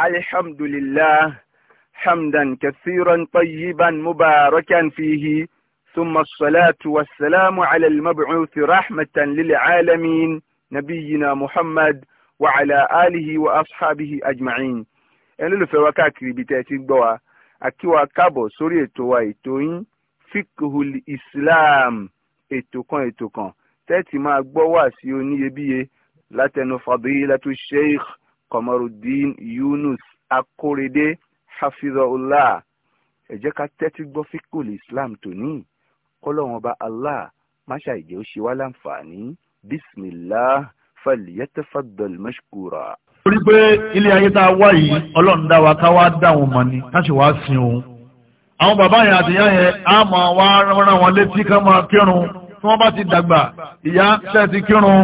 الحمد لله حمدا كثيرا طيبا مباركا فيه ثم الصلاة والسلام على المبعوث رحمة للعالمين نبينا محمد وعلى آله وأصحابه أجمعين ẹni lólùfẹ́ wa káàkiri ibi tẹ́ ẹ ti ń gbọ́ wa àkíwá káàbọ̀ sórí ètò wa ètò yín fikhul islam ètò kan ètò kan tẹ́ẹ̀tì máa gbọ́ wá sí oníyebíye látẹnu fadilatu Kọmọrùdín Yunus Akórèdé hafizahullah ẹ jẹ́ ká tẹ́tí gbọ́ fíkùlì Islam tòní kọ́lọ́wọ́n bá Allah máṣá ìjẹ́ ó ṣe wá láǹfààní bismillah falyatafaddal mashkura. torí pé ilé ayé tá a wá yìí ọlọ́run dá wa ká wá dá wọn mọ̀ ni ká sì wá sin òun. àwọn bàbá yẹn àtìyá yẹn á máa wá rán wọn létí ká máa kírun tí wọ́n bá ti dàgbà ìyá ṣe ti kírun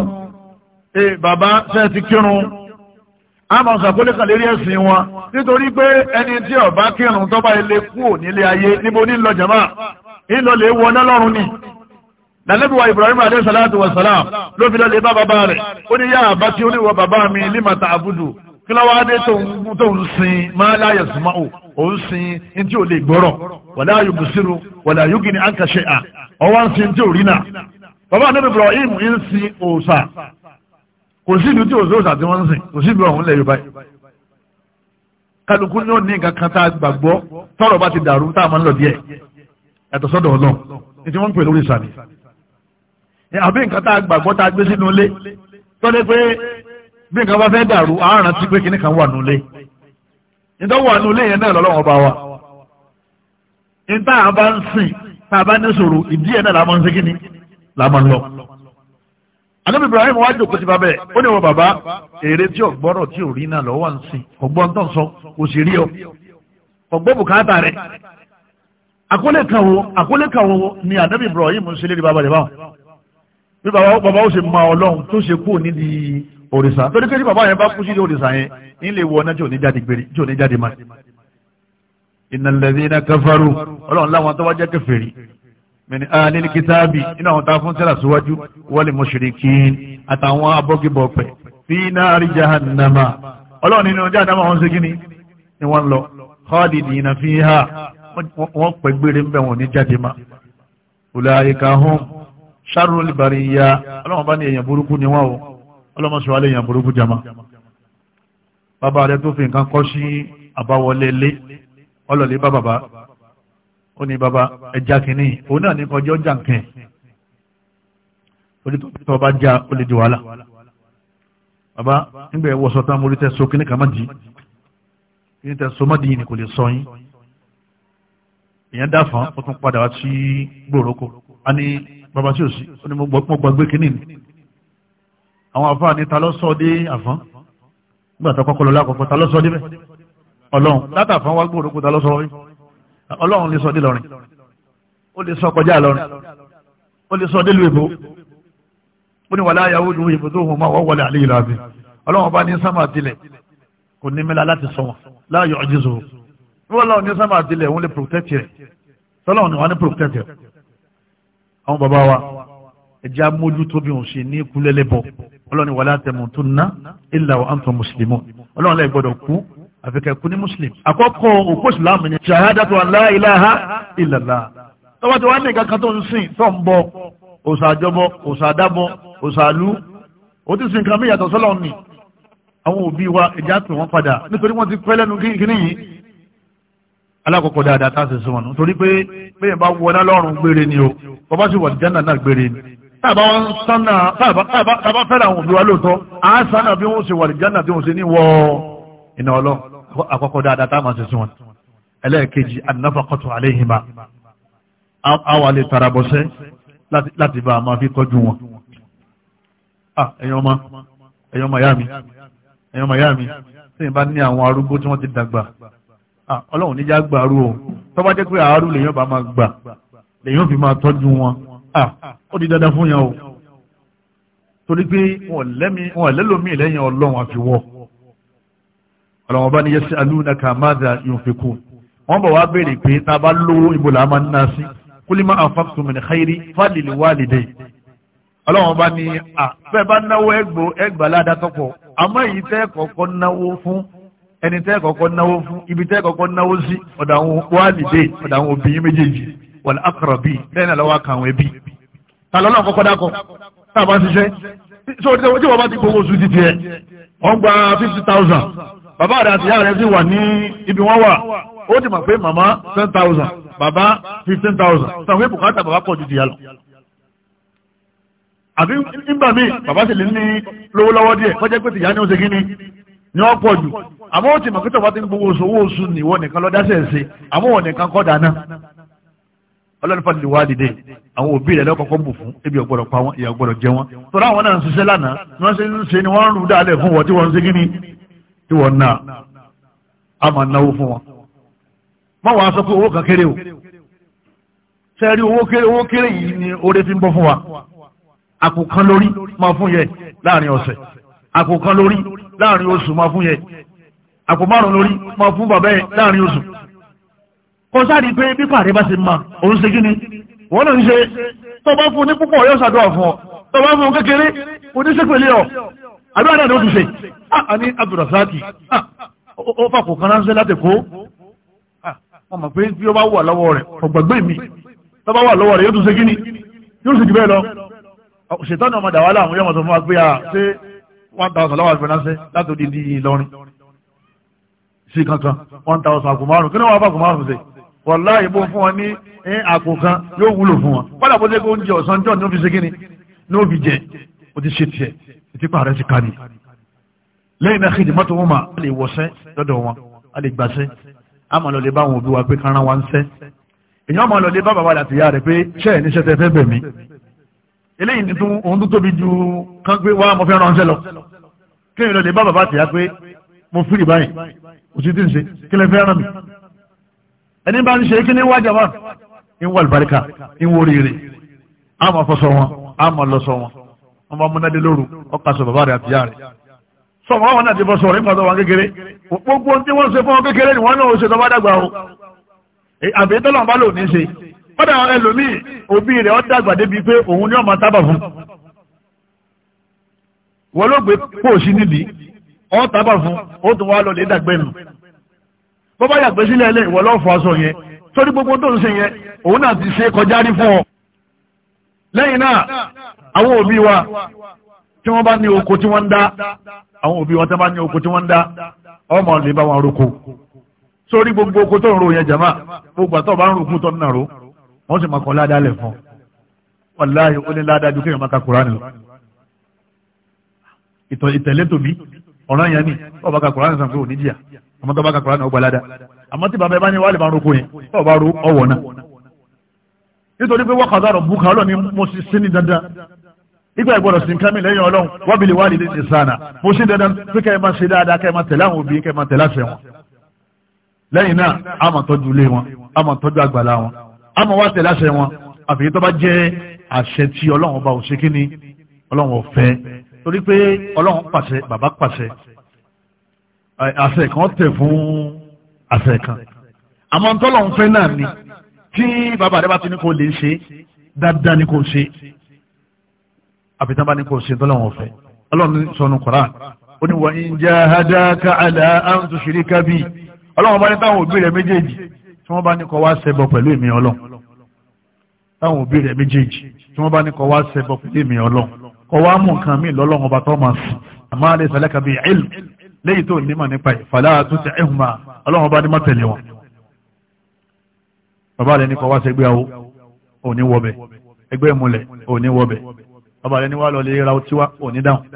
bàbá ṣe ti kírun a máa sàkólé kan lérí ẹ̀sìn wọn nítorí pé ẹni tí ọba kírun tọ́ba ilé kúò nílé ayé níbo ní lọ jàmá ìlọlẹ̀ wọná lọ́run ni lálẹ́bùwà Ibrahim alẹ́sàlátù wasalam ló fi lọlẹ̀ bá bàbá rẹ̀ ó ní yá àbá tí ó níwọ̀ bàbá mi límàtà àbúdù kí lọ́wọ́ dé tó ń sin máa láyẹ̀ súnmọ́ ò ó ń sin in tí ò lè gbọ́rọ̀ wàlá Ibrahim ń sin kò sí ìlú tí òṣòṣà tí wọ́n ń sìn kò sí ìlú ọ̀hún lẹ̀ yorùbá kálukú ní ó ní nǹkan kan tá a gbàgbọ́ tọ́rọ̀ bá ti dàrú tá a máa ń lọ díẹ̀ ẹ̀tọ́ sọ́dọ̀ ọlọ́run ní tí wọ́n ń pè lórí ìsàlẹ̀ àbí nǹkan tá a gbàgbọ́ tá a gbé sínú ilé tọ́lé pé bí nǹkan bá fẹ́ dàrú àárán tí pé kíní kan wà nulẹ̀ nítorí wà nulẹ̀ yẹn náà lọ́lọ́wọ́ bá wa níta àbá ń sìn tá a bá ní sòrò ìdí ànábì Ibrahim wá jòkó sí bàbá ẹ̀ ó ní wọn bàbá èrè tí ọ̀gbọ́rọ̀ tí ò rí náà lọ́wọ́ ń sìn ọ̀gbọ́n tó ń sọ kò sì rí ọ ọ̀gbọ́ bùkátà rẹ̀ àkólé kan wo àkólé kan wo ni ànábì Ibrahim ń ṣe lérí bàbá rẹ̀ báwọn bí bàbá ó ṣe ma Ọlọ́run tó ṣe kú nídìí òrìṣà torí pé tí bàbá yẹn bá kú sí òrìṣà yẹn ń lè wọ náà tí ò ní jáde gbèrè tí ò ní jáde má innal ladhina kafaru Ọlọ́run láwọn tó wá jẹ́ mẹni alil ah, kitabi iná àwọn ị fún tẹ́lá síwájú wal mushrikin àtàwọn abọ́gibọ̀pẹ̀ fi nari jahannama ọlọ́run nínú jahannama wọn ni wọ́n lọ khalidina fiha wọ́n pẹ̀ gbére ń bẹ̀ wọ́n ní jáde ma ọlọ́run bá ní èèyàn burúkú ni wọ́n o ọlọ́run sọ alẹ́ èèyàn burúkú jama bàbá rẹ tó fi nǹkan kọ́ sí àbáwọlé lé ọlọ́lé bá bàbá ó ní bàbá ẹja kìíní òun náà ní kọjọ́ jàǹkìn onítọ̀ bá já ó lè di wàhálà bàbá nígbà ẹ̀wọ̀ sọ́tàn mo rí tẹ́ so kíní kàmá dì í kíní tẹ́ so má dì í ni kò lè sọ yín èèyàn dáfàn ó tún padà wá sí gbòòrókò a ní bàbá tí ò sí ó ní mo gbàgbé kíní ni àwọn àfáà ní ta ló sọ dé àfán nígbà tó kọ́kọ́ lọ lákọ̀ọ́kọ́ ta ló sọ dé bẹ́ẹ̀ ọlọ́run látàfán wá gbòòrókò ta ló sọ rí ọlọ́run lè sọ dé lọ́rin ó lè sọ kọjá lọ́rin ó lè sọ dé lóyìnbó ó ní wàlá ayáwó ju òyìnbó tó hùwà wọ́n wọlé àlè ìlú àbí ọlọ́run bá ní sámà tilẹ̀ kò ní mẹ́la láti sọ wọn láàyò ọ̀jísò wọ́n lọ́run ní sámà tilẹ̀ òun lè protect rẹ̀ tọ́lọ́run ni wọ́n ní protect rẹ̀ àwọn bàbá wa ẹ̀jẹ̀ amójútó bí òun ní ikú lẹ́lẹ́bọ̀ ọlọ́run ni wàlá tẹ̀mùtún ná ìlà wa antum muslimun ọlọ́run lẹ́gbọ́dọ̀ kú àfikẹ́kù ní muslim àkọ́kọ́ òkú ìsìláàmù ni ṣàhádàtò aláìláha ìlàlá tọ́wọ́ tí wọ́n ní kankan tó ń sìn tó ń bọ òsàjọbọ òsàdábọ òsàlú ó ti sin nǹkan bí yàtọ̀ sọ́lọ́ ni àwọn òbí wa ìjà pè wọ́n padà nítorí wọ́n ti pẹ́ lẹ́nu kíní yìí alákọ̀ọ́kọ́ dáadáa tá a sì sọ̀rọ̀ nítorí pé bẹ́ẹ̀ bá wọná lọ́rùn gbére ni o bàbá sì wà ní jẹ́nà náà gbére ni táàbà wọn sánà táàbà fẹ́ràn àwọn òbí wa lóòótọ́ àá sánà bí wọ́n ṣe wà ní jẹ́nà bí wọ́n ṣe ní wọ iná ọlọ́run àkọ́kọ́ dáadáa tá a máa wọn ẹlẹ́ẹ̀kejì anáfàkọ́tù àléhìmá àwa lè tara láti bá a máa fi tọ́jú wọn. ẹ̀yin ọmọ ẹ̀yin ọmọ ìyá mi ẹ̀yin ọmọ ìyá mi tí n bá ní àwọn arúgbó tí wọ́n ti dàgbà ọlọ́run níjà gbà arú o tó bá jẹ́ pé àárú lèyàn bá máa gbà lèyàn fi máa tọ́jú wọn ó di dandan fún yàn o torí pé wọn lẹ́lòmíì lẹ́yìn ọlọ́run àfiwọ́ ọlọ́wọ́n bá ní yẹ́sí alúnaka máza yunfikun wọ́n bọ̀ wá béèrè pé tá a bá lówó ibo là máa ń ná sí kúlímọ̀ àfàkùtùmù ní xayiri fálìlì wálìdẹ́ ọlọ́wọ́n bá ní à fẹ́ bá náwó ẹgbò ẹgbàládà tọ́pọ̀ àmọ́ èyí tẹ́ kọ̀ọ̀kan náwó fún ẹni tẹ́ kọ̀ọ̀kan náwó fún ibi tẹ́ kọ̀ọ̀kan náwó sí ọ̀dà àwọn wálìdẹ́ obìnrin méjèèjì wal aqrabi lẹ́yìn náà lọ́wọ́ ta lọ́lọ́ kọ́kọ́ dákọ̀ tá a bá ṣiṣẹ́ tí fifty thousand bàbá rẹ̀ àti ìyá rẹ̀ sì wà ní ibi wọ́n wà ó ti mọ̀ pé màmá ten thousand bàbá fifteen thousand sọ pé bùkátà bàbá pọ̀ ju tìyá lọ. àbí nígbà míì bàbá sì lè ní lówó lọ́wọ́ díẹ̀ kọjá pé tìyá ni ó ṣe kí ni ni wọ́n pọ̀ jù àmọ́ ó ti mọ̀ pé tọ́ba ti ń gbowó oṣù owó oṣù nìwọ nìkan lọ dáṣẹ̀ ṣe àmọ́ wọn nìkan kọ́ dáná ọlọ́run fàdí wá dìde àwọn òbí rẹ̀ lọ́kọ̀ọ́kọ́ bù fún ebi ọ̀gbọ́dọ̀ pa wọn ìyà ọ̀gbọ́dọ̀ jẹ wọn tọ́lá àwọn náà ń ṣiṣẹ́ lánàá ni wọ́n ṣe ń ṣe ni wọ́n ń rú dáadẹ́ fún wọn tí wọ́n ń ṣe kí ni ìwọ náà a máa náwó fún wọn má wàá sọ pé owó kan kéré o sẹ́rí owó kéré owó ni oore fi ń bọ́ fún wa àpò kan lórí máa fún yẹ láàrin ọ̀sẹ̀ àpò kan lórí láàrin oṣù máa fún yẹ àpò márùn lórí máa fún bàbá yẹ láàrin oṣù kò sáré pé bí pàdé bá ti ma òun ṣe kíni wọn náà ń ọ àbí wà náà ni ó tún ṣe ah, a ní abdulrasaki ah, ó fà kò kan ránṣẹ́ láti kó wọn ah, mọ̀ pé bí ó bá wà lọ́wọ́ rẹ̀ ọ̀gbàgbé mi tó bá wà lọ́wọ́ rẹ̀ yóò tún ṣe kí ni yóò sì jù bẹ́ẹ̀ lọ ṣètọ́nà ọmọdà wà láwọn yọmọ tó fún wa pé a ṣe one thousand lọ́wọ́ àti ránṣẹ́ láti odi di Ìlọrin sí kankan one thousand àpò márùn kí ni wọn bá àpò márùn ṣe wàláhì bó fún wọn ní àpò kan yóò wúlò fún wọn kọ́dà bó ṣe kó oúnjẹ ọ̀sán jọ̀ ní ó fi ṣe kí ni ní ó fi jẹ ó ti ṣe tiẹ̀ ìtìpá rẹ̀ ti kani lẹ́yìn náà kìdí mọ́tò wọn mà á lè wọṣẹ́ lọ́dọ̀ wọn á lè gbàṣẹ́ á mà lọ́lẹ́ bá àwọn òbí wa pé kán rán wa ń ṣẹ́ èèyàn mà lọ́lẹ́ bá bàbá àti ìyá rẹ̀ pé ṣẹ́ ẹ̀ níṣẹ́ tẹ́ fẹ́ bẹ̀ mí eléyìí tuntun òun tó tóbi ju kán pé wá mo fẹ́ ránṣẹ́ lọ kéèyàn lọ́lẹ́ bá bàbá àti ìyá pé mo fìrì báyìí òsì tí ń ṣe kí lẹ fẹ́ rán mi ẹni bá ń ṣe kí ní wájà wà ń wà lùbáríkà ń wò wọ́n bá múnádé lóru ọkàṣọ bàbá rẹ̀ àtìyá rẹ̀ sọ wọn wọn náà ti bọ́ sọ̀rọ̀ nípa wọn kékeré gbogbo tí wọ́n ṣe fún wọn kékeré ni wọ́n náà ó ṣe tó bá dàgbà o àbí tọ́lọ̀ bá lò ní ṣe kọ́dà ẹlòmíì òbí rẹ̀ ọ́ dàgbà débi pé òun ni ọmọ tábà fún wọ́n ló gbé póòsì nídìí ọ́ tábà fún ó tún wá lọ lè dàgbẹ́ nù bọ́ lẹ́yìn náà àwọn òbí wa tí wọ́n bá ní oko tí wọ́n ń dá àwọn òbí wa tí wọ́n bá ní oko tí wọ́n ń dá ọmọ lè bá wọn roko sórí gbogbo oko tó ń ro yẹn jàmá gbogbo àtọ́ bá ń rògùn tó ń nàró wọ́n sì máa kàn ládàá lẹ̀ fún wàláyé ó ní ládàá ju kéèyàn máa ka lọ ìtẹ̀lé tòbí ọ̀ràn yẹn ni ọba ka kùránì sàn pé ò jìyà àmọ́ tó bá ka kùránì ọgbà ládàá àmọ́ tí bàbá ẹ bá ní wàhálì bá ń ro ọwọ́ náà nítorí pé wọ́n kàdá rọ̀ bùkà ọlọ́ni mo sì sí ní dandan nígbà ìgbọ́dọ̀ sí nǹkan mi lẹ́yìn ọlọ́run wọ́n bí lè wá nílé nìsànà mo ṣe dandan pé kẹ́ ẹ máa ṣe dáadáa kẹ́ ẹ máa tẹ̀lé àwọn òbí kẹ́ ẹ máa tẹ̀lé àṣẹ wọn lẹ́yìn náà a máa tọ́jú ilé wọn a máa tọ́jú àgbàlá wọn a máa wá tẹ̀lé àṣẹ wọn àfihàn tó bá jẹ́ àṣẹ tí ọlọ́run ọba òṣè kí ni ọlọ́run ọ̀fẹ́ torí pé ọlọ́run pàṣẹ bàbá pàṣẹ àṣẹ kan tẹ̀ fún àṣẹ kan àmọ́ ntọ́lọ́run fẹ́ náà ni tí bàbá rẹ bá ti lè ṣe dáadáa ni kó ṣe àbítán bá ní kò ṣe tọ́lọ́wọ̀n fẹ́ ọlọ́run sọnù koran ó ní wọ́n ń jẹ́ àdáka àlà an tushrika bi ọlọ́run bá ní táwọn òbí rẹ̀ méjèèjì tí wọ́n bá ní kó wá ṣẹbọ pẹ̀lú èmi ọlọ́run táwọn òbí rẹ̀ méjèèjì tí wọ́n bá ní kó wá ṣẹbọ pẹ̀lú èmi ọlọ́run kó wá mú nǹkan mí lọ́lọ́run ọba tó máa sùn àmọ́ àlẹ́ sàlẹ́kà bíi ilm lẹ́yìn tó nímọ̀ nípa ìfàlà ní má tẹ̀lé wọn bàbá rẹ ní wàá lọ lè ra ọtí wá òní dáhùn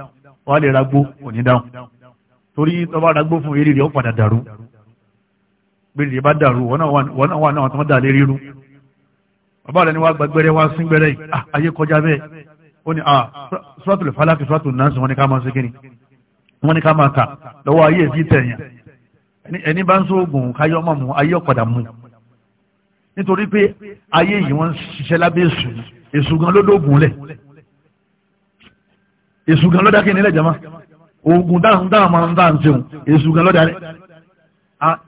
wàá lè ra gbó òní dáhùn torí tọ́ba ra gbó fún eré rẹ̀ ó padà dàrú bèrè rẹ̀ bá dàrú wọ́n náà wà náà tó dà lé ríru bàbá rẹ ní wàá gbàgbẹ́rẹ́ wá sí gbẹ́rẹ́ yìí ah, ayé kọjá bẹ́ẹ̀ ó ní ah, suratul falaki suratul nas wọ́n ní ká máa ṣe kíni wọ́n ní ká máa kà lọ́wọ́ ayé èsì tẹ̀yìn ẹni bá ń sóògùn káyọ́ mọ̀ mú ayé ọ̀padà mú nítorí pé ayé yìí wọ́n ṣiṣẹ́ lábẹ́ èṣù èṣù gan lódógùn lẹ̀ èṣù gan lọ́dá kí ni ilẹ̀ jama oògùn dáhùn dáhùn máa ń dáhùn ṣeun èṣù gan lọ́dá rẹ̀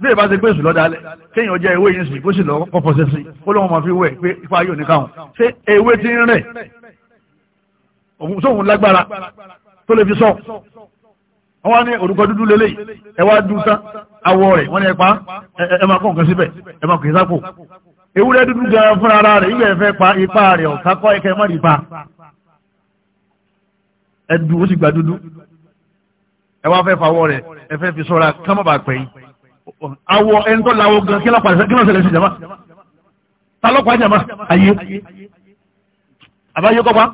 bí ìbá ti pé èṣù lọ́dá rẹ̀ kéèyàn jẹ́ ewé yìí sì kó sì lọ kọ́kọ́ sí sí ó lọ́wọ́ máa fi wẹ̀ pé ipa yóò ní káwọn ṣé ewé ti ń rẹ̀ sóhun lágbára tó lè fi sọ wọ́n wá ní orúkọ dúdú lélẹ̀ ẹ wá dùn tán awọ rẹ̀ wọ́n ní ẹ pa ẹ máa kọ́ nǹkan síbẹ̀ ẹ máa kì í sápò dúdú gan fúnra rẹ̀ ìgbẹ́ fẹ́ pa ipa rẹ̀ ọ̀sákọ́ ẹdù o sì gba dúdú ẹ wá fẹ́ fawọ́ rẹ̀ ẹ fẹ́ fi sọ́ra ká má bàa pẹ́ yín awọ ẹni tó lawọ gan kí lọ́pàá kí lọ́sẹ̀lẹ̀ sí jama ta lọ́pàá jama ayé àbáyé kọ́pá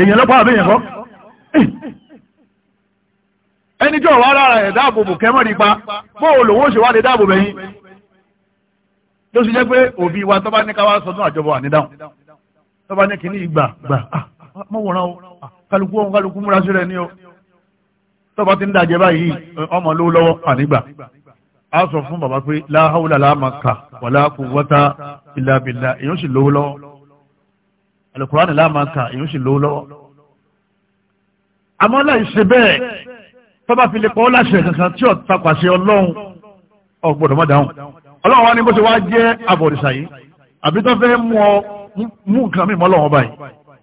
èèyàn lọ́pàá àbí èèyàn kọ́ ẹni tí ọ̀wá ara ẹ̀ dáàbò bò kẹ́mọ́ nípa bóò lòun ó ṣe wá lè dáàbò bẹ̀yìn ló sì jẹ́ pé òbí wa tó bá ní ká wá sọdún àjọbọ̀ ànídáhùn tó bá ní kíní ìgbà gbà ah mọ̀wòrán ah, o kálukú òun kálukú múra sílẹ̀ ní o tọ́ba ti ń dàjẹ́ báyìí ọmọ ló lọ́wọ́ ànígbà a sọ fún bàbá pé láhàúlà láàmàkà wàlá quwwata illa billah èyàn sì lówó lọ́wọ́ alukurani láàmàkà èyàn sì lówó lọ́wọ́ àmọ́ láì ṣe bẹ́ẹ̀ tọ́ba fi lè kọ́ láṣẹ kankan tí ọ̀tá pàṣẹ ọlọ́run ọ̀gbọ̀dọ̀ má dáhùn ọlọ́run wa ni bó ṣe wá jẹ́ àbọ̀rìṣà yìí àbí tó fẹ́ mú nǹkan mímọ́ ọlọ́run báyìí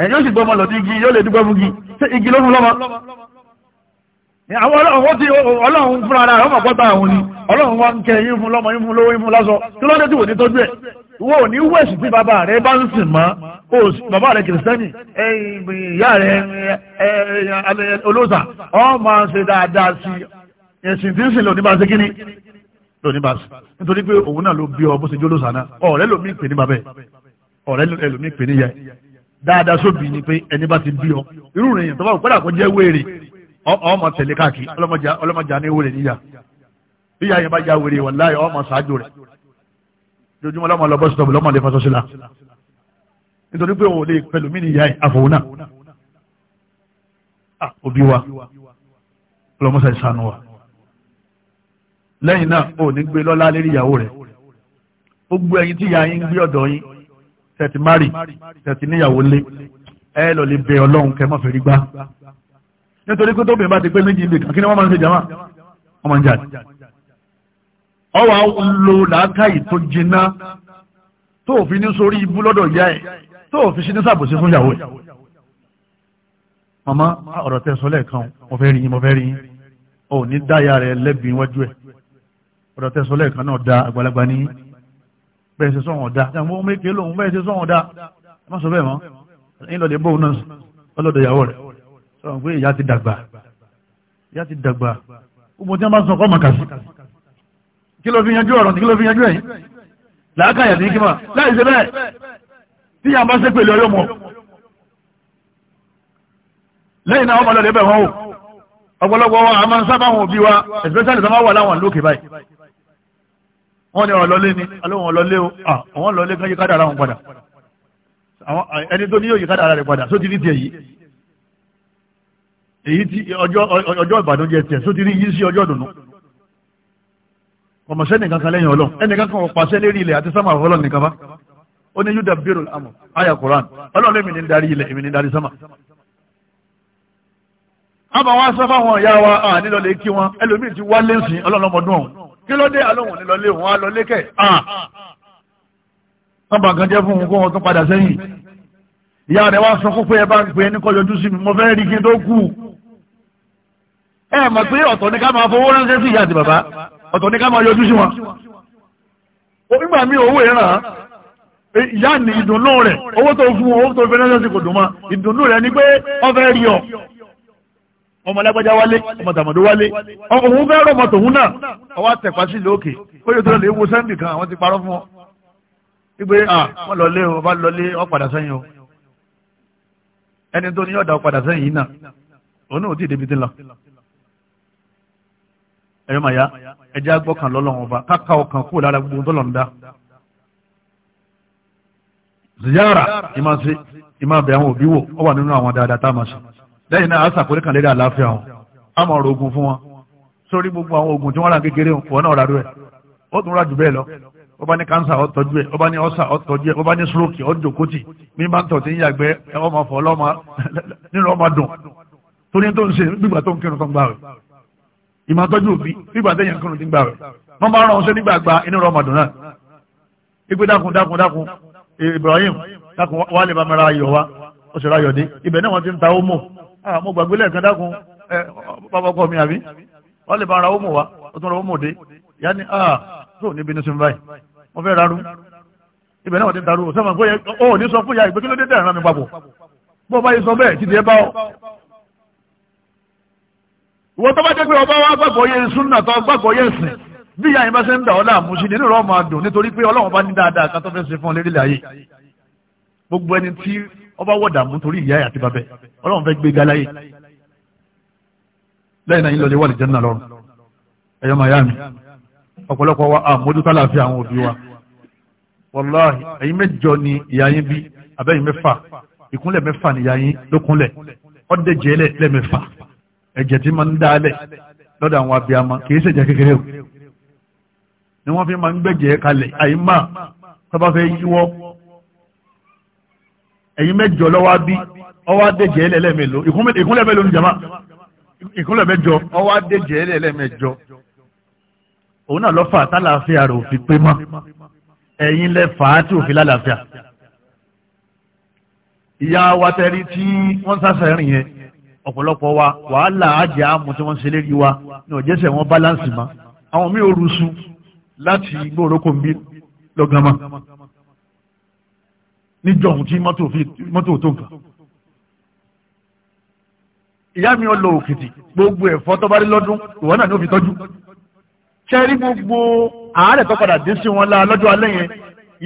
ẹ̀yìn ó sì gbọmọ lọ́dí igi yóò lè dúgbọ́ fún igi ṣé igi ló fún lọ́mọ àwọn ọlọ́run tí ọlọ́run fúnra ara ọmọ gbọ́ta àwọn ni ọlọ́run wá ń kẹ yín fún lọ́mọ yín fún lówó yín fún lásọ tí lọ́dẹ́ tí wò ní tọ́jú ẹ̀ wọ́n ò ní wẹ̀sì tí bàbá rẹ̀ bá ń sìn mọ́ bàbá rẹ̀ kìrìsìtẹ́nì ìyá rẹ̀ olóòsà ọ máa ṣe dáadáa sí ẹ̀sìn tí ń sìn lóní bá ṣe kíní lóní bá ṣe nítorí pé òun náà ló bí ọ bó ṣe jólóòsà náà ọ̀rẹ́ lòmí ìpè ní bàbá ẹ̀ ọ̀rẹ́ lòmí ìpè ní yẹ dáadáa sóbì ni pé ẹni bá ti bí ọ irú rẹ̀ yẹn tó bá wù kódà kó jẹ́ wéèrè ọmọ tẹ̀lé káàkiri ọlọ́mọjà ní wéèrè níyà níyà yẹn bá ya wéèrè wọ̀ láyé ọmọ ṣáájú rẹ̀ lójúmọ́ lọ́mọ lọ bọ́sítọ̀bù lọ́mọ lè fọṣọ síla nítorí pé òun lè pẹ̀lú mí nìyá ẹ̀ àfọwọ́ náà ah, òbí wa ọlọ́mọṣà ìsànù wa lẹ́yìn náà ò ní gbé lọ́lá lérí ìyàwó rẹ̀ gbogbo ẹ̀yin tí ìyá yín gbé ọ̀dọ̀ yín tẹ̀tì mari tẹ̀tì níyàwó lé ẹ lọ lè bẹ ọlọ́run kẹ mọ́ fẹ́rí gbá nítorí pé tóbi bá ti pé méjì ilé kí ni wọ́n máa ń ṣe jama wọ́n máa ń jáde ọwọ́ lo làákàyè tó jiná tó òfin ní sórí ibú lọ́dọ̀ ìyá ẹ̀ tó òfin sí ní sàbòsí fún ìyàwó ẹ̀ màmá ọ̀rọ̀ tẹ́ sọ lẹ́ẹ̀kan mo fẹ́ rí yín mo fẹ́ rí yín ò ní dáyà rẹ̀ lẹ́bi iwájú ẹ̀ ọ̀rọ̀ tẹ́ sọ lẹ́ẹ̀kan náà da àgbàlagbà ní bẹ́ẹ̀ ṣe sọ̀hún ọ̀dá ṣe àwọn ọmọ èké lòun bẹ́ẹ̀ ṣe sọ̀hún ọ̀dá ẹ má sọ bẹ́ẹ̀ mọ́ ẹ̀yin lọ́dẹ bóun náà ọlọ́dọ̀ ìyàwó rẹ̀ sọ̀rọ̀ pé ìyá ti dàgbà ìyá ti dàgbà gbogbo tí wọ́n bá sọ kọ́ màkà sí kí ló fi yanjú ọ̀rọ̀ kí ló fi yanjú ẹ̀yìn làákàyà ní kí mà láì ṣe bẹ́ẹ̀ tí ọ̀pọ̀lọpọ̀ wa a máa ń sábà wọn òbí wa especially tí wọ́n wà láwọn lókè báyìí wọ́n ní ọ̀lọ́lé ni alóhùn ọ̀lọ́lé o àwọn ọ̀lọ́lé kan yí kádàrà wọn padà ẹni tó ní yóò yí kádàrà rẹ̀ padà só ti rí tiẹ̀ yìí èyí tí ọjọ́ ìbànújẹ́ tiẹ̀ só ti rí yí sí ọjọ́ ìdùnnú ọmọ sẹ́ni kankan lẹ́yìn ọlọ́run ẹni kankan wọ́n pàṣẹ lérí ilẹ̀ àti sámà ọlọ́run nìkan bá ó ní yúdà bírò àmọ̀ àyà koran ọlọ́run èmi ní darí ilẹ̀ èmi ní darí sámà. àbáwá sáfà wọn ìyá wa nílò lè kí wọn ẹlòmíì ti wá lẹ́sìn ọlọ́run ọmọdún ọ̀hún kí ló dé alóhùn nílọlé òun á lọ lékè ah sábà kan jẹ́ fún òun kó wọn tó padà sẹ́yìn ìyá rẹ̀ wá sọ fún pé ẹ bá ń pè é ní kọjọ́jú sí mi mo fẹ́ rí kí n tó kú ẹ mọ̀ pé ọ̀tọ̀ ní ká máa fowó ránṣẹ́ sí ìyá àti bàbá ọ̀tọ̀ ní ká máa yọjú sí wọn onígbà mi owó ìran ìyá ni ìdùnnú rẹ̀ owó tó fún owó tó fẹ́ ránṣẹ́ sí kò dùn mọ́ ìdùnnú rẹ̀ ni pé ọ fẹ́ rí ọ ọmọ lágbájá wálé ọmọ tàmọ̀dó wálé òun fẹ́ rọ̀ mọ́ tòun náà ọwọ́ àtẹ̀pá sí ìlú òkè ó yóò tó lè wo sẹ́ńdì kan àwọn ti parọ́ fún ọ wípé à wọ́n lọlé o bá lọlé ọ padà sẹ́yìn o ẹni tó ní ọ̀dà padà sẹ́yìn yìí náà òun náà ò tí ì débi tí ń lọ ẹ̀yọ́ màá yá ẹjẹ́ agbọ́kàn lọ́lọ́run ọba káka ọkàn kúrò lára gbogbo tó lọ́n ziyara ìmọ̀ sí ìmọ̀ bẹ̀ lẹ́yìn náà aṣàkórí kan lérí àlàáfíà wọn a máa rọ ogun fún wọn sórí gbogbo àwọn ogun tí wọ́n rà kékeré wọn náà rárú ẹ̀ ó tún rà jù bẹ́ẹ̀ lọ ó bá ní kánsà ó tọ́jú ẹ̀ ó bá ní ọ́sà ó tọ́jú ẹ̀ ó bá ní stroke ó jòkótì bí bá ń tọ̀ tí ń yàgbẹ́ ọmọ fọ ọlọ́mọ nínú ọmọ dùn torí tó ń ṣe gbígbà tó ń kírun tó ń gbà rẹ̀ ìmọ̀tọ́jú òbí gbígbà tó yẹn kírun ti ń gbà rẹ̀ wọ́n máa ń rán ọṣẹ́ nígbà gba inú ọmọ dùn náà ipe dákun dákun dákun Ibrahim dákun wálé bá mẹ́ra ayọ̀ wa ó sì ráyọ̀ dé ibẹ̀ náà wọ́n ti ń ta ó mọ̀ Ah, mo gbàgbé lẹ́ẹ̀kan dákun eh, bàbá ọkọ mi àbí wọ́n lè bá ara ọmọ wa ó tún ra ọmọ òde ìyá ni tó ah, níbi ní sinmi báyìí wọ́n fẹ́ rarú ibẹ̀ náà wọ́n ti darú o sọ́mọ̀ pé ó ní sọ fún ìyá ìgbé kí ló dé dẹ̀ràn mi papọ̀ bó bá yìí sọ bẹ́ẹ̀ ti dé bá ọ. ìwọ tó bá jẹ́ pé ọba wa gbàgbọ́ yẹ súnà tó gbàgbọ́ yẹ sìn bí ìyá yìí bá ṣe ń dà ọ́ láàmú sí nínú rọ́ọ̀ máa dùn nítorí pé Ọlọ́run bá ní dáadáa ká tó fẹ́ ṣe fún ọ ọba wọ̀dà mú torí ìyá àti bàbẹ́ ọlọ́run fẹ́ gbé galáyé lẹ́yìn náà ìlọlẹ́ wà lè jẹ́ nínú lọ́rùn ẹ̀yọ́ miami ọ̀pọ̀lọpọ̀ wa àmójútó àlàáfíà àwọn òbí wa wàláhì ẹ̀yin mẹ́jọ ni ìyá yín bí abẹ́yìn mẹ́fà ìkúnlẹ̀ mẹ́fà ni ìyá yín lókúnlẹ̀ ọ̀dẹ̀jẹ̀ lẹ́ẹ̀mẹ́fà ẹ̀jẹ̀ tí máa ń dálẹ̀ lọ́dọ̀ àwọn abiyamọ kì í ṣèjẹ́ kékeré o ni wọ́n fi máa ń gbẹ̀jẹ̀ kalẹ̀ àyímá tó fẹ́ yíwọ́ ẹ̀yin mẹ́jọ lọ́wọ́ bí ọwọ́ adéjẹ́ ẹlẹ́mẹ́lò ìkúnlẹ̀ mẹ́lò ní jama ìkúnlẹ̀ mẹ́jọ ọwọ́ adéjẹ́ ẹlẹ́mẹ́jọ òun náà lọ́fà tálàáfíà rẹ̀ òfin pé mọ́ ẹ̀yin lẹ́fà tí òfin lálàáfíà ìyá wa tẹ́rí tí wọ́n sáfẹ́ rìn yẹn ọ̀pọ̀lọpọ̀ wa wàhálà àjẹ́ àmú tí wọ́n ṣe lérí wa ní òjẹ́sẹ̀ wọn báláǹsì mọ́ àwọn mí níjọ òun tí mọ́tò tó nǹkan ìyá mi ọlọ òkìtì gbogbo ẹ̀fọ́ tó bá rí lọ́dún ìwọ náà ni ó fi tọ́jú ṣe rí gbogbo àárẹ̀ tó padà dé sí wọn la lọ́jọ́ alẹ́ yẹn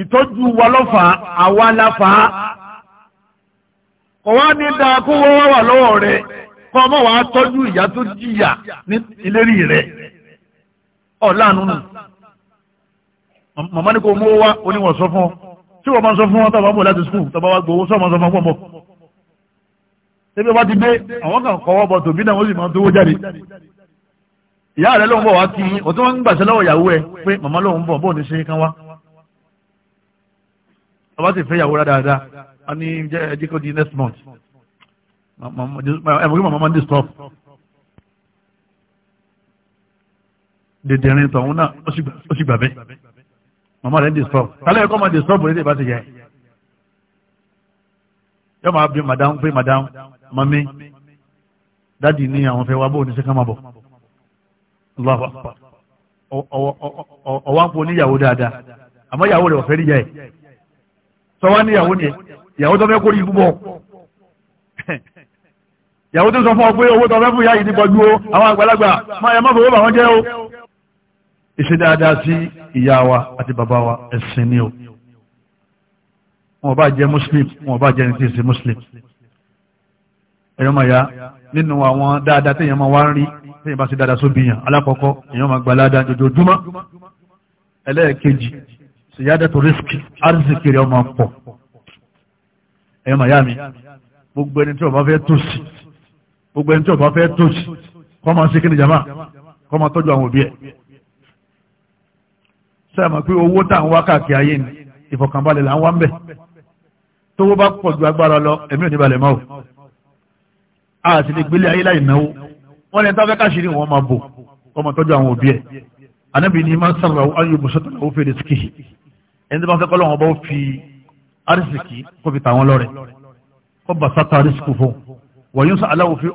ìtọ́jú wa lọ́fà àwa la fà á kò ní dáa kó wọ́n wà lọ́wọ́ rẹ kó ọmọ wa tọ́jú ìyá tó jìyà ní ìlérí rẹ ọ̀ láàánú nù màmá ni kò mú wa oníwọ̀n fún ọ tí wọ́n máa sọ fún wọn tọ́ba bọ̀ láti skul tọ́ba wa gbowó sọ́ọ́ máa sọ fún pọ̀ tẹ́bí wá ti dé àwọn kan kọ́wọ́ bọ̀ tòbí náà wọ́n sì máa tó wó jáde ìyá rẹ̀ lóun bọ̀ wá kí ọ̀tún wọn ń gbàṣẹ lọ́wọ́ ìyàwó ẹ pé màmá lóun bọ̀ bóun ní ṣe kán wá ọba sì fẹ́ ìyàwó rẹ̀ dáadáa a ní ẹjẹ́ kó di next month ẹ̀mọ̀ kí màmá máa ń stop. dèdè rìn tọ̀hún náà ó sì gbà bẹ́ẹ̀ màmá rẹ̀ ń disturb kálẹ̀ ẹ̀kọ́ máa disturb rẹ̀ bá ti yẹ yọ máa bí madam pé madam mami dadi ní àwọn fẹ́ wá bó ní sẹ́kàn máa bọ̀ Allahu Akbar ọwọ́ ń po níyàwó dáadáa àmọ́ ìyàwó rẹ̀ ọ̀fẹ́ níyà ẹ̀ sọ́wọ́ níyàwó ni ìyàwó tó fẹ́ kórè ikú bọ̀ ìyàwó tó sọ fún ọ pé owó tó fẹ́ fún ìyá yìí ti pọ̀ ju àwọn àgbàlagbà máa yẹ má fowó bà wọ́n jẹ́ o ìṣe dáadáa sí ìyá wa àti bàbá wa ẹ̀sìn ni o wọn bá jẹ́ muslim wọn bá jẹ́ ẹni tí ń ṣe muslim ẹ̀yọ́ máa ya nínú àwọn dáadáa téèyàn máa wá ń rí téèyàn bá ṣe dáadáa sóbì yàn alákọ̀ọ́kọ́ èèyàn máa gba ládàá jojoojúmọ́ ẹlẹ́ẹ̀kejì ṣìyádẹ́tò rísíkì arzikiri ọmọ pọ̀ ẹ̀yọ́ máa ya mi gbogbo ẹni tí ó bá fẹ́ tòṣì gbogbo ẹni tí ó bá fẹ́ tòṣì kọ́ máa ṣe kí ni jàmá kọ́ máa tọ́jú àwọn òbí ẹ̀ sẹ́mọ̀ pé owó tà ń wá káàkiri ayé ni ìfọ̀kànbalẹ̀ là ń wá ń bẹ̀ tówó bá pọ̀ ju agbára lọ ẹ̀mí ò ní balẹ̀ mọ́ o a sì lè gbélé ayé láì náwó wọ́n lè tọ́fẹ́ káṣírí wọn máa bò ọmọ tọ́jú àwọn òbí ẹ̀ anábì ní máa ń sàrọ̀ ayé ibùsọ̀tàn ó fèrè síkì ẹni tó bá fẹ́ kọ́ lọ́wọ́ bá ó fi arísìkì kó fi tàwọn lọ́rẹ̀ kó bà sátà arísìkì fún wọ́n yóò sọ aláwọ̀ fi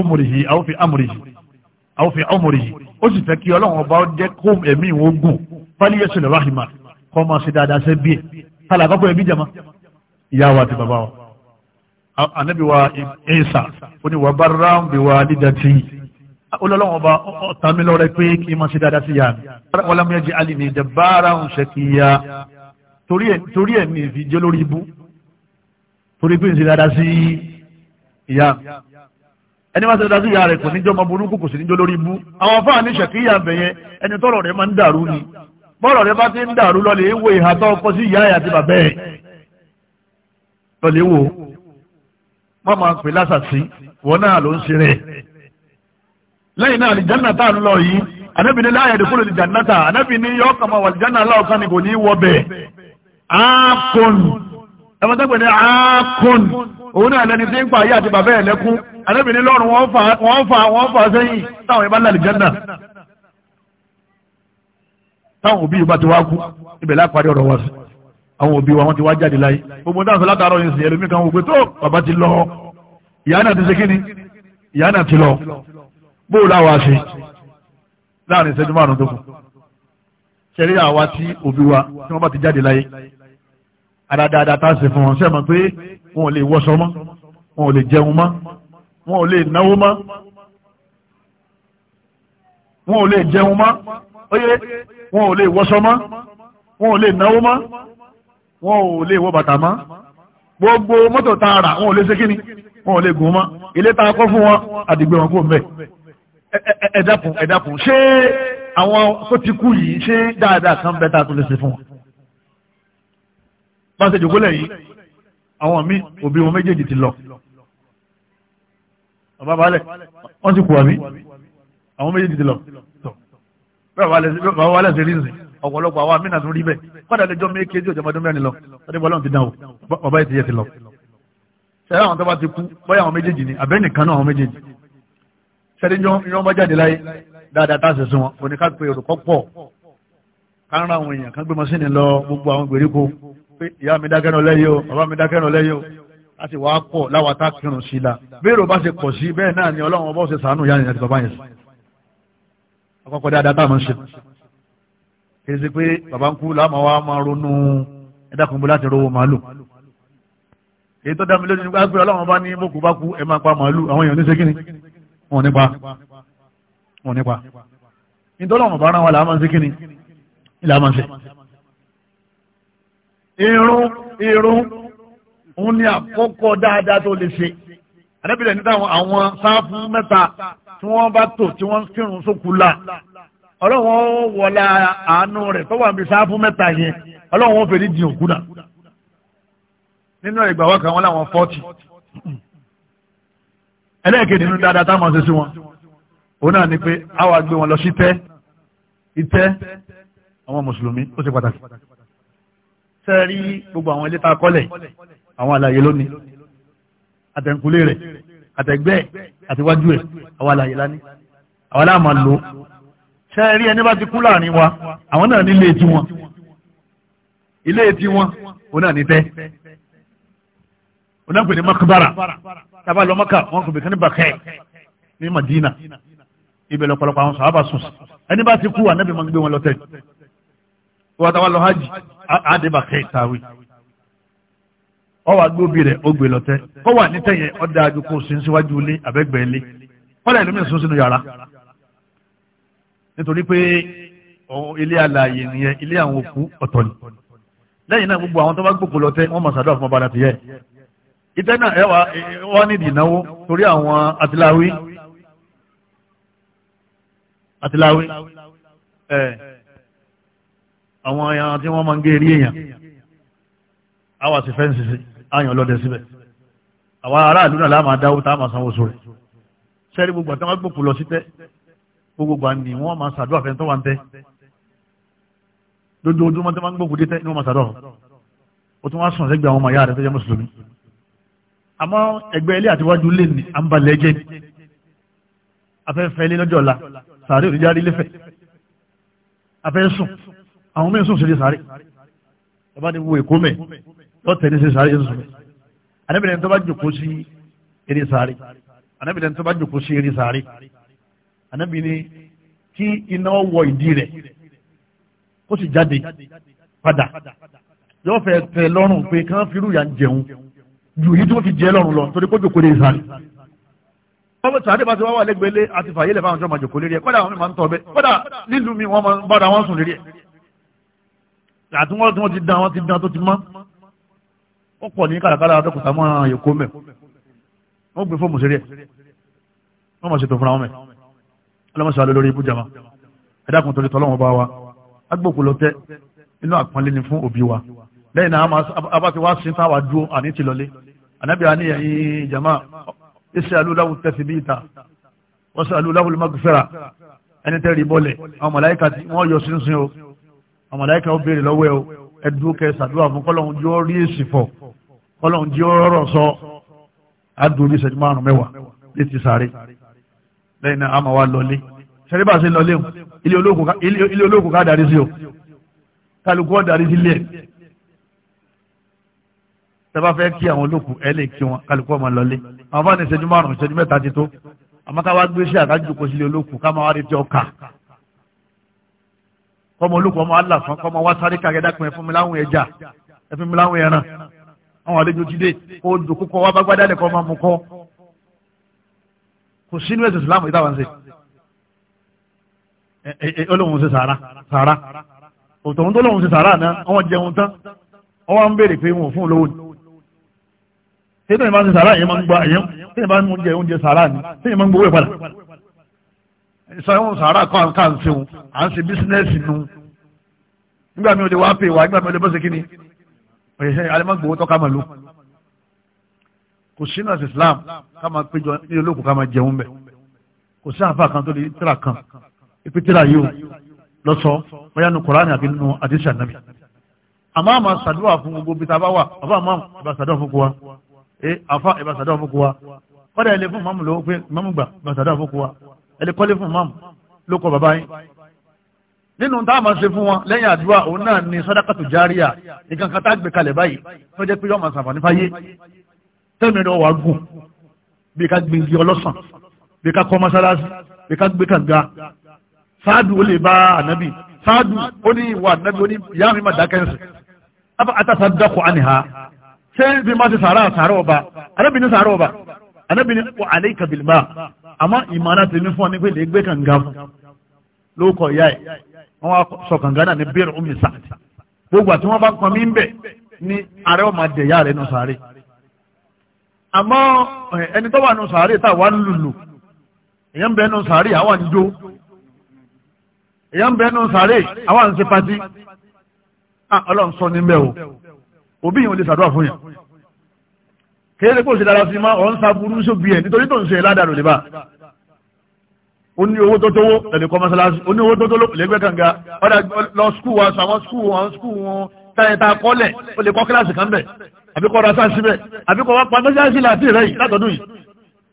amòrìyí àwọ̀ fi ó sì fẹ́ kí ọlọ́wọ́ bá ó jẹ́ kó ẹ̀mí wọn gùn fali yẹ sọlẹ̀ rahima kọ́ máa ṣe dáadáa ṣe bíẹ̀ kálá àkọ́kọ́ ẹbí jama ìyá wa àti bàbá wa anabi wa ẹ̀sà oníwà bára ń bi wa dídàtì olólùwọ̀n ọba ọ̀tàmí lọ́rẹ́ pé kí n máa ṣe dáadáa sí ya wọ́n lámúyẹ́ jẹ́ alì ní ìjẹ̀bára ń ṣe kí ya torí ẹ̀ ní ìfìjẹ́ lórí ibú torí pé n ṣe dáadáa sí ìyá ẹni máa ṣe dáadáa sí ìyá rẹ̀ kò níjọ́ ọmọ burúkú kò sì níjọ́ lórí ibú àwọn fáà ní ṣèkíyà bẹ̀yẹn ẹni tọ́rọ̀ rẹ̀ máa ń dàrú ni bọ́ọ̀rọ̀ rẹ bá ti ń dàrú lọ́lẹ̀ èwo ìhà tó kọ sí ìyá àti bàbá ẹ̀ lọ́lẹ̀ èwo wọ́n máa ń pè lásàsí wọn náà ló ń ṣe rẹ̀ lẹ́yìn náà àlìjánà tá à ń lọ yìí anábì ní láàyè dùkúrò anábì ní wà aláwọ̀kan ni kò ní í wọ ákùn táwọn òbí yóò bá ti wá kú ibẹ̀ lápàdé ọ̀rọ̀ wa sí àwọn òbí wa wọ́n ti wá jáde láyé gbogbo dáhùn látàárọ̀ yìí sìn ẹlòmíkan wò pé tó bàbá ti lọ ìyá náà ti ṣe kí ni ìyá náà ti lọ bóò láwa ṣe láàrin ìṣẹ́jú márùn-ún tó kù ṣẹlẹ̀ àwa tí òbí wa tí wọ́n bá ti jáde láyé àdáadáa tá a ṣe fún wọn ṣe mọ̀ pé wọn ò lè wọṣọ mọ́ wọn ò lè jẹun mọ́ wọn ò lè náwó mọ́ wọn ò lè jẹun mọ́ wọn ò lè wọṣọ mọ́ wọn ò lè náwó mọ́ wọn ò lè wọ bàtà mọ́ gbogbo mọ́tò tá a rà wọn ò lè ṣe kíni wọn ò lè gùn mọ́ ilé tá a kọ́ fún wọn àdìgbẹ́ wọn kò ń bẹ̀ ẹ dákun ẹ dákun ṣé àwọn tó ti kú yìí ṣé dáadáa kan bẹ́ẹ̀ tá a tún lè ṣe fún wọn. bá a ṣe jòkó lẹ́yìn àwọn míì òbí wọn méjèèjì ti lọ bàbá balẹ̀ wọ́n ti kú àbí àwọn méjèèjì ti lọ bẹ́ẹ̀ wà lẹ́sẹ̀ rí nsìn ọ̀pọ̀lọpọ̀ àwọn amínà tó rí bẹ́ẹ̀ kọ́dà lẹ́jọ́ méje tí òjòmọdún mẹ́rin lọ ọdẹ bọ́lá ti dán o bàbá yìí ti yẹ ti lọ. sẹ́yìn àwọn tó bá ti kú bóyá àwọn méjèèjì ni àbẹ́ nìkan náà àwọn méjèèjì. sẹ́ni yọ ọmọ jáde láyé dáadáa tá a sẹ̀sùn wọn òní ká pe olùkọ́ pọ̀ ká ń ra àwọn èèyàn ká gbé mọ́sínì lọ gbogbo àwọn gbèríko pé ìyá mi dákẹ́nu la bí èrò bá ṣe pọ̀ sí bẹ́ẹ̀ ni ọlọ́run ọba ọ̀sẹ̀ sàánú ìyá àkọ́kọ́ dáadáa táwọn ṣe kìí ṣe pé bàbá ń kú láàmà wa máa ronú ẹ̀dàkùn bó láti rówó màálù èyí tó dámi lójú nígbà pé ọlọ́run bá ní bókù bá kú ẹ máa pa màálù àwọn èèyàn ní ṣe kíni wọn nípa wọn nípa nítorí ọlọ́run bá rán wa làá máa ṣe kíni ilà máa ṣe irun irun òun ni àkọ́kọ́ dáadáa tó lè ṣe àdébìlẹ̀ nígbà àwọn sáfún mẹ́ta tí wọ́n bá tò tí wọ́n kírun sókù la ọlọ́wọ́n wọlé àánú rẹ̀ tó wà níbi sáfù mẹ́ta yẹn ọlọ́wọ́n fèrè di òkú náà nínú ìgbà wọ́n kàn wọ́n láwọn fọ́tì ẹlẹ́ẹ̀kejì nínú dáadáa táwọn ṣe sí wọn òun náà ni pé àwa gbé wọn lọ sí tẹ́ ìtẹ́ àwọn mùsùlùmí ó ṣe pàtàkì sẹ́ẹ̀rí gbogbo àwọn ilé tá a kọ́lẹ̀ àwọn àlàyé lónìí àtẹ̀kùlé rẹ̀ àtẹ̀gbẹ́ àtiwájú ẹ̀ àwọn àlàyé lání àwọn aláàmà lò ṣe rí ẹni bá ti kú láàrin wa àwọn náà nílé tí wọn ilé tí wọn òun náà ní tẹ́ òun náà pè ní makbara tábà lọ maka wọn kò bìkan ní bakẹ́ ní madina ibẹ̀ lọ́pọ̀lọpọ̀ àwọn sàábà sùn sí ẹni bá ti kú ànábì máa ń gbé wọn lọ wọ́n táwa lọ àdébàkẹ́ ìtàwé ọwà gbóbi rẹ̀ ó gbé lọ́tẹ́ kó wà nítẹ̀yẹ ọ̀dà àjòkó sí síwájú ilé àbẹ́gbẹ̀ ilé kọ́lá ìlú mìíràn sún sínú yàrá nítorí pé ilé alààyè nìyẹn ilé àwọn òkú ọ̀tọ̀ ni lẹ́yìn náà gbogbo àwọn tó bá gbòkó lọ́tẹ́ wọ́n mọ̀ sàdọ́ àfọmọ́ bára tìyẹ́ ìtẹ́ náà ẹwà wọ́n nídìí ìnáwó torí àwọn atiláwí atiláwí ẹ̀ àwọn ẹ̀yàn tí wọ́n máa ń gé eré èèyàn á wà fẹ́ǹsì sí i àyàn lọ́dẹ síbẹ̀ àwọn aráàlú náà láàmà dáwó tá a máa sanwó sórí sẹ́rí gbogbo àti wọn gbòkú lọ sí tẹ́ gbogbo gbà ní wọ́n máa ṣàdúrà fẹ́ tó wà ń tẹ́ lójoojúmọ́ tó máa ń gbòkú dé tẹ́ ní wọ́n máa ṣàdúrà ó tún wá sùn sẹ́gbẹ̀ẹ́ àwọn ọmọ ìyá rẹ̀ tó jẹ́ mùsùlùmí àmọ́ ẹgbẹ́ ilé àtiwájú lè ní àǹbalẹ̀ jẹ́ afẹ́fẹ́ ilé lọ́jọ́ ọ̀la sàárè òdíjárí lẹ́fẹ̀ afẹ́ sùn àwọn mẹ́rin sùn sí ilé sàárè ẹ bá ní wo èkó mẹ́ yóò tẹ̀lé sí sáré yéṣu mi anábìrin tó bá jòkó sí eré sáré anábìrin tó bá jòkó sí eré sáré anábìrin kí iná wọ ìdí rẹ̀ ó sì jáde padà yóò fẹ́ tẹ́ lọ́rùn pé kí wọ́n fi irú ìyà ń jẹun ju èyí tó fi jẹ́ lọ́rùn lọ torí kó jòkó lè sáré ọmọ sàádé bá ti wá wà lẹ́gbẹ̀ẹ́lé àti fàyè lẹ́fà àwọn ọjọ́ máa jòkó lérí ẹ̀ kọ́dà àwọn máa ń tọ́ ọbẹ̀ kọ́dà nílùú mi wọ́n máa ń bára wọn sùn lérí ẹ̀ àtúwọ́n tí wọ́n ti dán wọ́n ti dán tó ti mọ́ ó pọ̀ ní kàràkàrà tó kùtà mọ́ èkó mẹ́ ó gbé fóòmù sí rí ẹ̀ wọ́n mọ̀ sí tó fúnra wọn mẹ́ ọlọ́mọ̀sí alẹ́ lórí ibújama ẹ̀dàkùn torí tọ́lọ́wọ́n bá wa agbókù lọ tẹ́ inú àpọ́nlé ni fún òbí wa lẹ́yìn náà abá ti wá sí táwa dúró àní ti lọlé ànábì àní ẹ̀yìn jama iṣẹ́ alúláwù tẹ́sí fún kọ́lọ́hún yóò rí èsì fọ̀ ọlọ́run jí ọ̀rọ̀ sọ adùnrin ìṣẹ́jú márùn mẹ́wàá létí sáré lẹ́yìn náà a máa wá lọlé ṣẹlẹ́ bá ṣe lọlé o ilé olóòkú ká darí sí o kálukú ọ̀ darí sí ilé ẹ̀ tẹ́bá fẹ́ kí àwọn olóòkú ẹ lè kí wọn kálukú ọmọ lọlé àwọn bá ní ìṣẹ́jú márùn ìṣẹ́jú mẹ́ta ti tó àmọ́ ká wá gbé sí àkájú sí ilé olóòkú ká máa wá retí ọkà kọ́mọ olóòkú ọmọ aláfọ́n kọ́mọ wá sáré kàgẹ́dá àwọn àlejò ti dé kó o dùn kókó wá bá gbádá lẹ́kọ̀ọ́ máa mú kọ́ kò sínú ẹ̀sìn Islam ìtawà ń ṣe olóhùn ṣe sàárà sàárà òtòun tó lóhùn ṣe sàárà náà àwọn jẹun tán wọ́n wá ń béèrè pé wọn fún olówó ni tẹ́tẹ́ ìbá ń ṣe sàárà yẹn máa ń gba ẹ̀yẹ́ tẹ́tẹ́ ìbá ń jẹ oúnjẹ sàárà ni tẹ́tẹ́ ìbá ń gbowó ìpadà ìsọ̀rọ̀ sàárà kọ́ à ń ká ń ṣeun à ń ṣe bísínẹ́sì nu nígbà mi ò lè wá pè wá nígbà mi ò lè bọ́ òyìnbó alimọ́gbòwó tọ́ka màlú kò sínú àti Islam ká máa péjọ ní olóko ká máa jẹun bẹ̀ kò sí àǹfà kan tó di tíra kan ipi tíra yìí o lọ́sọ̀ bóyá nu Kùránì àbí nu àdìsí ànábì àmọ́ àmọ́ sàdúrà fún gbogbo bí ta bá wà àbá àmọ́ ìbá sàdúrà fún kuwa ee àfa ìbá sàdúrà fún kuwa kọ́dà ilé fún mọ́mù lówó pé mọ́mù gbà ìbá sàdúrà fún kuwa ẹ̀lẹ́kọ́lé fún mọ́mù ló bàbá yín nínú tá a máa ṣe fún wọn lẹ́yìn àdúrà òun náà ni sàdákàtù járíà nǹkan kan tá a gbé kalẹ̀ báyìí tó jẹ́ pé yọ́ máa ṣàǹfààní fáyé tẹ́mi rẹ̀ wà gùn bí ká gbin igi ọlọ́sàn bí ká kọ́ mọ́sálásí bí ká gbé kànga sáàdù ó lè bá ànábì sáàdù ó ní ìwà ànábì ó ní ìyá mi máa dákẹ́ ẹ̀sìn afa atasa dako aniha ṣé bí má ti sàárà sàárà ọba ànábì ní sàárà ọba ànábì ní wà alayka bilma àmọ́ ìmọ̀ wọ́n sọ kànga náà ní bẹ́ẹ̀rù omi sáàtì gbogbo àti wọ́n bá pọn mí ń bẹ̀ ní ààrẹ ọmọ àjẹyà rẹ̀ nù sàárè àmọ́ ẹni tó wà nù sàárè tá a wà lùlù èyàn ń bẹ nù sàárè àwọn àjò èyàn ń bẹ nù sàárè àwọn àǹsẹ̀ pati ah, ọlọ́run sọ ní mbẹ́ o òbí yìí ò lè sàdúrà fún yàn kéèrè kó o sì dára sí ma ọ̀ ń sa burú sóbi ẹ̀ nítorí tó ń ṣe ládàá lòdì bá ó ní owó tó tówó lẹ́nu kọ́ mọ́sálásí ó ní owó tó tówó lẹ́gbẹ́ kànga ọ̀dà lọ skul wa sàwọn skul wọn skul wọn táyẹ̀ tá a kọ́lẹ̀ ó lè kọ́ kíláàsì kan bẹ̀ àbí kọ́ rasa síbẹ̀ àbí kọ́ wá pa mọ́sálásí láti rẹ̀ yìí látọ̀dún yìí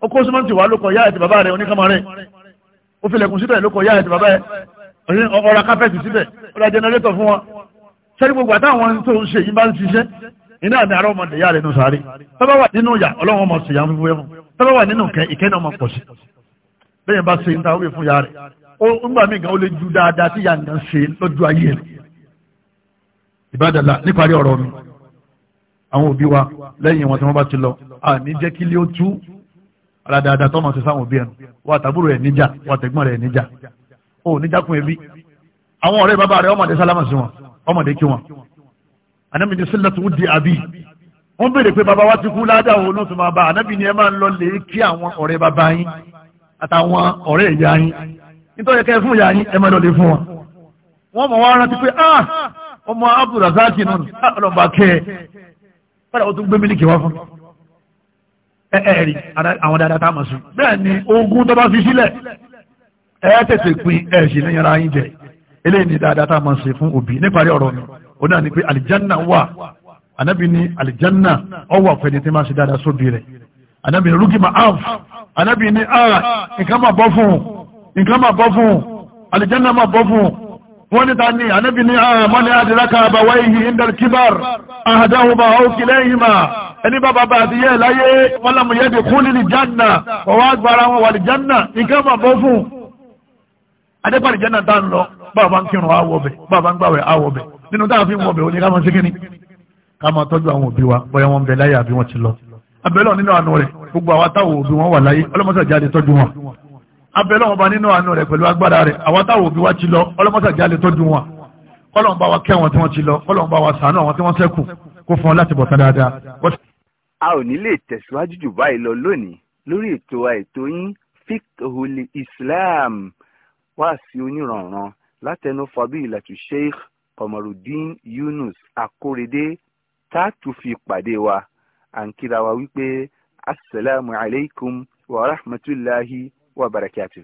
ó kó símọ́ǹtì wà lóko yá àti bàbá rẹ̀ oníkàmọ́ rẹ̀ ó fi lẹ̀kùn síbẹ̀ lóko yá àti bàbá rẹ̀ ọ̀rọ̀ kápẹ́ẹ̀tì síbẹ̀ ó ra jẹnẹrétọ̀ fún wọn sẹ́ni iná àmì àrọ́ ọmọdé yá rẹ̀ sáré tọ́bá wà nínú ìyà ọlọ́run ọmọ sèyàn fúnfún ẹ̀mọ́ wà nínú ìkẹ́ náà ọmọ pọ̀ sí lẹ́yìn bá ṣe ń ta ó lè fún ya rẹ̀ ó ńgbà mí gan ó lè ju dáadáa tí ya nǹkan ṣe lọ́jọ́ ayé rẹ̀ ìbádàlá níparí ọ̀rọ̀ mi àwọn òbí wa lẹ́yìn wọn tí wọ́n bá ti lọ àní jẹ́ kí lé ó tú ara dáadáa tó máa ṣe sáwọn òbí ẹnu wà tàbúrò ẹ̀ níjà wà tẹ̀gbọ́n rẹ̀ níjà ó níjà kún ẹbí àwọn ọ̀rẹ́ bàbá rẹ̀ ọmọdé sálámà sí wọn ọmọdé kí wọn anábì ní sílẹ̀ tó di àbí wọ́n béèrè pé bàbá wa ti kú ládàá òun ló tún máa bá anábì ní ẹ máa ń lọ lè kí àwọn ọ̀rẹ́ bàbá yín àtàwọn ọ̀rẹ́ ìyá yín nítorí kẹ́ fún ìyá yín ẹ máa lọ lè fún wọn. wọ́n mọ̀ wọ́n rántí pé ah ọmọ abdulrasaki nù ah, ọlọ́ba kẹ́ ẹ padà ó tún gbé mílíkì wá fún ẹ ẹ rí àwọn dáadáa tá a mọ̀ sí. bẹ́ẹ̀ ni ogún tó bá fi sílẹ̀ ẹ tètè pin ẹ sì ní yàrá yín jẹ eléyìí ni dáadáa tá a mọ̀ sí fún òbí níparí ọ̀rọ̀ mi ó náà ni pé àlìjánná wà ànábì ni àlìjánná ọwọ́ àfẹ́ni tí máa ṣe dáadáa sóbì rẹ̀ anábì rúkìmà áf anábì ní àà nǹkan máa bọ́ fún nǹkan máa bọ́ fún alìjẹ́nà máa bọ́ fún wọ́n níta ní anábì ní àà mọ́ ní àdìlákà àbàwá ìhì indal kibar àhàdáhùbà òkìlẹ́yìnmà ẹni bàbá bá àti yẹ́ láyé mọ́lámù yẹ́ di kún ní jánà ọwọ́ agbára wọn wà ní jánà nǹkan máa bọ́ fún adépàdé jánà tá ń lọ bàbá ń kírun àwọ̀bẹ̀ bàbá ń gbàwẹ̀ àwọ̀bẹ̀ nínú táàfin wọ̀bẹ̀ òní ká máa ṣe kíní ká máa tọ́jú àwọn òbí wa bóyá wọ́n ń bẹ láyé àbí wọ́n ti lọ abẹ́lọ́ nínú àánú rẹ̀ gbogbo àwọn táwọn òbí wọn wà láyé ọlọ́mọ́sà jáde tọ́jú wọn abẹ́lọ́ wọn bá nínú àánú rẹ̀ pẹ̀lú agbára rẹ̀ àwọn táwọn òbí wa ti lọ ọlọ́mọ́sà jáde tọ́jú wọn kọ́lọ̀ ń bá wa kẹ́ wọn tí wọ́n ti lọ kọ́lọ̀ ń bá wa sàánú àwọn tí wọ́n ṣẹ́kù kó fún wọn láti bọ̀ dáadáa. a ò ní lè tẹ̀síwájú jù báyìí lọ lónìí lórí ètò àìtó yín fiqhul islam wá sí onírànran látẹnu fadilatu sheikh Kọmọrùdín Yunus Akórèdé tá a tún fi pàdé wa à ń kíra wa wípé asalaamu alaykum wa rahmatulahi wa barakatuh.